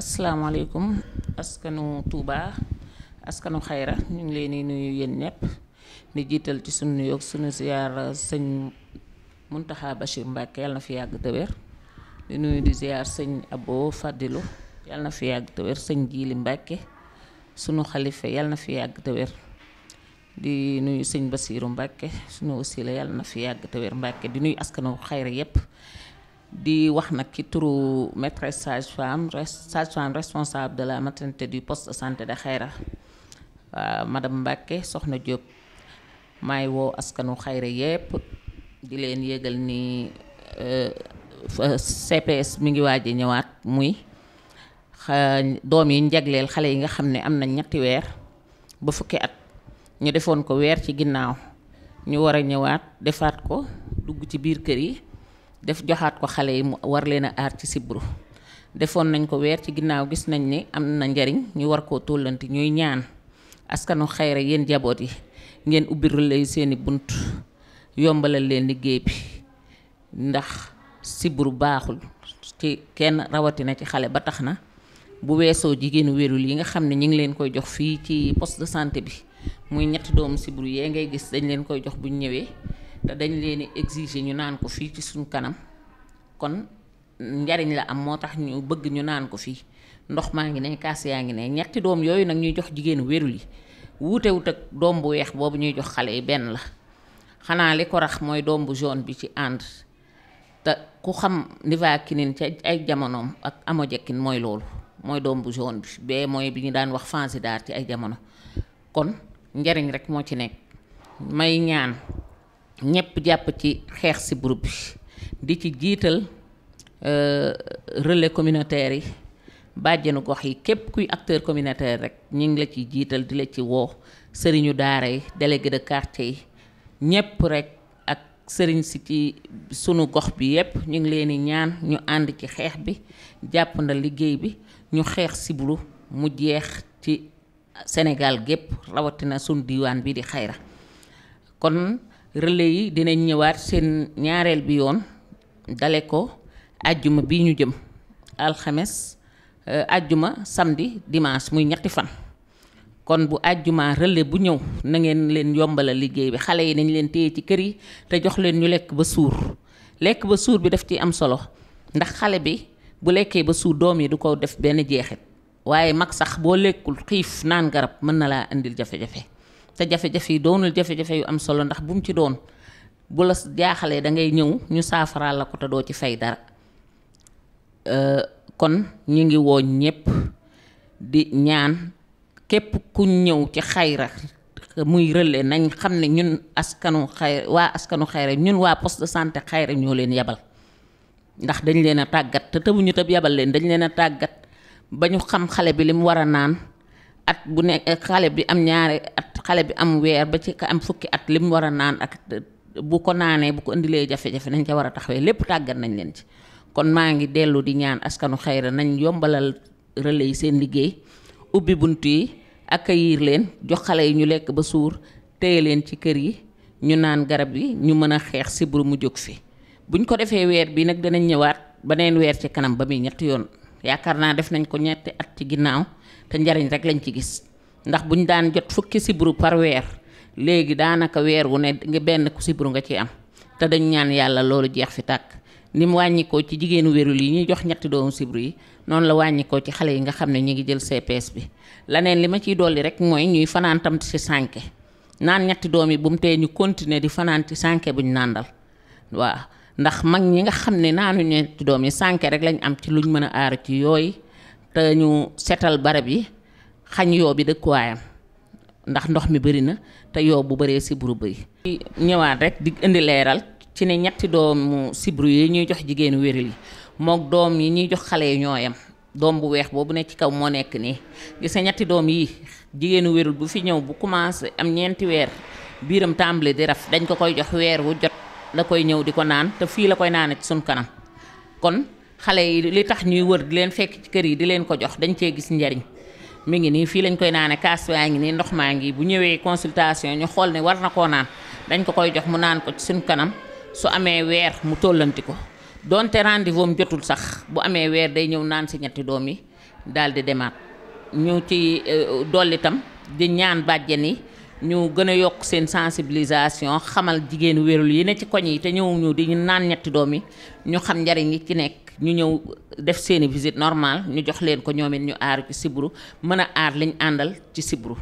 asalaamaaleykum askanu Touba askanu xayra ñu ngi leen di nuyu yéen ñëpp di jiital ci sunu nuyoo sunu ziar sëñ Muntaxa Bachir Mbàkke yàlla na fi yàgg te wér di nuyu sëñ Abo fi yàgg te wér sëñ Jiili Mbàkke sunu na fi yàgg te wér sëñ Basiiru Mbàkke sunu wasila yàlla na fi yàgg te wér Mbàkke di nuyu askanu xayra yépp di wax nag ci turu maîtresse sage-femme sage-femme responsable de la maternité du poste de santé de Xayra waaw madame Mbacke soxna Diop maay woo askanu Xayra yépp di leen yëgal ni euh, euh, CPS mi ngi waaj a ñëwaat muy doom yi njagleel xale yi nga xam ne am na ñetti weer ba fukki at ñu defoon ko weer ci ginnaaw ñu war a ñëwaat defaat ko dugg ci biir kër yi def joxaat ko xale yi mu war leen a aar ci sibru defoon nañ ko weer ci ginnaaw gis nañ ni am na njariñ ñu war koo tollanti ñuy ñaan askanu xayra yéen jaboot yi ngeen ubbiral lay seeni bunt yombalal leen liggéey bi ndax sibru baaxul ci kenn rawatina ci xale ba tax na bu weesoo jigéenu wérul yi nga xam ne ñu ngi leen koy jox fii ci poste de santé bi muy ñetti doomu sibru yee ngay gis dañ leen koy jox buñ ñëwee te dañ leen exiger ñu naan ko fii ci suñu kanam kon njariñ la am moo tax ñu bëgg ñu naan ko fii ndox maa ngi ne kaas yaa ngi ne ñetti doom yooyu nag ñuy jox jigéenu wérul yi wuutewut ak doom bu weex boobu ñuy jox xale yi benn la xanaa li ko rax mooy doom bu jaune bi ci ànd te ku xam Niva Kinin ca ay jamonoom ak Amo Jekin mooy loolu mooy doom bu jaune bi bee mooy bi ñu daan wax Fansidar ci ay jamono kon njariñ rek moo ci nekk may ñaan ñëpp jàpp ci xeex si groupe bi di ci jiital euh, relais communautaire yi bàjjenu gox yi képp kuy acteur communautaire rek ñu ngi la ci jiital di la ci woo sëriñu daara yi délégué de quartier yi ñëpp rek ak sëriñ si ci sunu gox bi yépp ñu ngi leen di ñaan ñu ànd ci xeex bi jàpp na liggéey bi ñu xeex siblu mu jeex ci Sénégal gépp na sunu diwaan bi di xayra kon relais yi dinañ ñëwaat seen ñaareel bi yoon dale ko ajjuma bi ñu jëm alxames euh, ajjuma samedi dimanche muy ñetti fan kon bu ajjuma relais bu ñëw na ngeen leen yombalal liggéey bi xale yi nañ leen téye ci kër yi te jox leen ñu lekk ba suur lekk ba suur bi daf ci am solo ndax xale bi bu lekkee ba suur doom yi du ko def benn jeexit waaye mag sax boo lekkul xiif naan garab mën na laa indil jafe-jafe te jafe-jafe yi doonul jafe-jafe yu am solo ndax bu mu ci doon bu la jaaxalee da ngay ñëw ñu saafaraal la ko te doo ci fay dara euh, kon ñu ngi woo ñépp di ñaan képp ku ñëw ci xayra muy relais nañ xam ne ñun askanu xayra waa askanu xayra ñun waa poste de santé xayra ñoo leen yabal ndax dañ leen a tàggat te ñu tëb yabal leen dañ leen a tàggat ba ñu xam xale bi li mu war a naan at bu ne eh, xale bi am ñaari at xale bi am weer ba ci am fukki at li mu war a naan ak eh, bu ko naanee bu ko indilee jafe-jafe nañ ca war a taxawee lépp tàggat nañ leen ci kon maa ngi dellu di ñaan askanu xayra nañ yombalal relais yi seen liggéey ubbi bunt yi yiir leen jox xale yi ñu lekk ba suur téye leen ci kër yi ñu naan garab yi ñu mën a xeex sibru mu jóg fi buñ ko defee weer bi nag danañ ñëwaat beneen weer ci kanam ba muy ñetti yoon yaakaar naa def nañ ko ñetti at ci ginnaaw te njariñ rek lañ ci gis ndax bu ñu daan jot fukki sibru par weer léegi daanaka weer wu ne nga benn ku nga ci am te dañ ñaan yàlla loolu jeex fi tàkk ni mu wàññikoo ci jigéenu wérul yi ñuy jox ñetti doomu sibru yi noonu la wàññikoo ci xale yi nga xam ne ñu ngi jël CPS bi laneen li ma ciy dolli rek mooy ñuy fanaan tam ci sànke naan ñetti doom yi bu mu tee ñu continuer di fanaan ci sànke buñ nàndal ndax mag ñi nga xam ne naanu ñeenti doom yi sànke rek lañ am ci luñ mën a aar ci yooyu te ñu setal barab yi xañ yoo bi dëkkuwaayam ndax ndox mi bëri na te yoo bu bëree sibru bëri. ñëwaat rek di indi leeral ci ne ñetti doomu sibru yi ñuy jox jigéenu wéril yi moog doom yi ñuy jox xale yi ñoo doom bu weex boobu ne ci kaw moo nekk nii gis nga ñetti doom yi jigéenu wéril bu fi ñëw bu commencé am ñeenti weer biiram tàmbali di raf dañ ko koy jox weer la koy ñëw di ko naan te fii la koy naane ci suñ kanam kon xale yi li tax ñuy wër di leen fekk ci kër yi di leen ko jox dañ cee gis njariñ mu ngi nii fii lañ koy naane kaas waa ngi nii ndox maa ngi bu ñëwee consultation ñu xool ne war na koo naan dañ ko koy jox mu naan ko ci suñ kanam su amee weer mu tollanti ko donte rendez jotul sax bu amee weer day ñëw naan si ñetti doom yi daal di demaat ñu ci eh, dolli itam di ñaan bàjjen yi ñu gën a yokk seen sensibilisation xamal jigéenu wérul yi ne ci koñ yi te ñëwuñu di ñu naan ñetti doom yi ñu xam njariñ yi ci nekk ñu ñëw def seeni visite normal ñu jox leen ko ñoom ñu aar ci sibru mën a aar liñ àndal ci sibru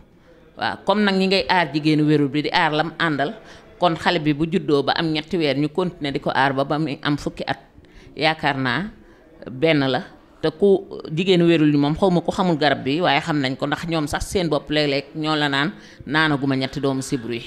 waaw comme nag ñi ngay aar jigéenu wérul bi di aar lam àndal kon xale bi bu juddoo ba am ñetti weer ñu continuer di ko aar ba ba muy am fukki at yaakaar naa benn la te ku jigéenu wérul yi moom xaw ma ku xamul garab bi waaye xam nañ ko ndax ñoom sax seen bopp léeg-léeg ñoo la naan ma ñetti doomu sibru yi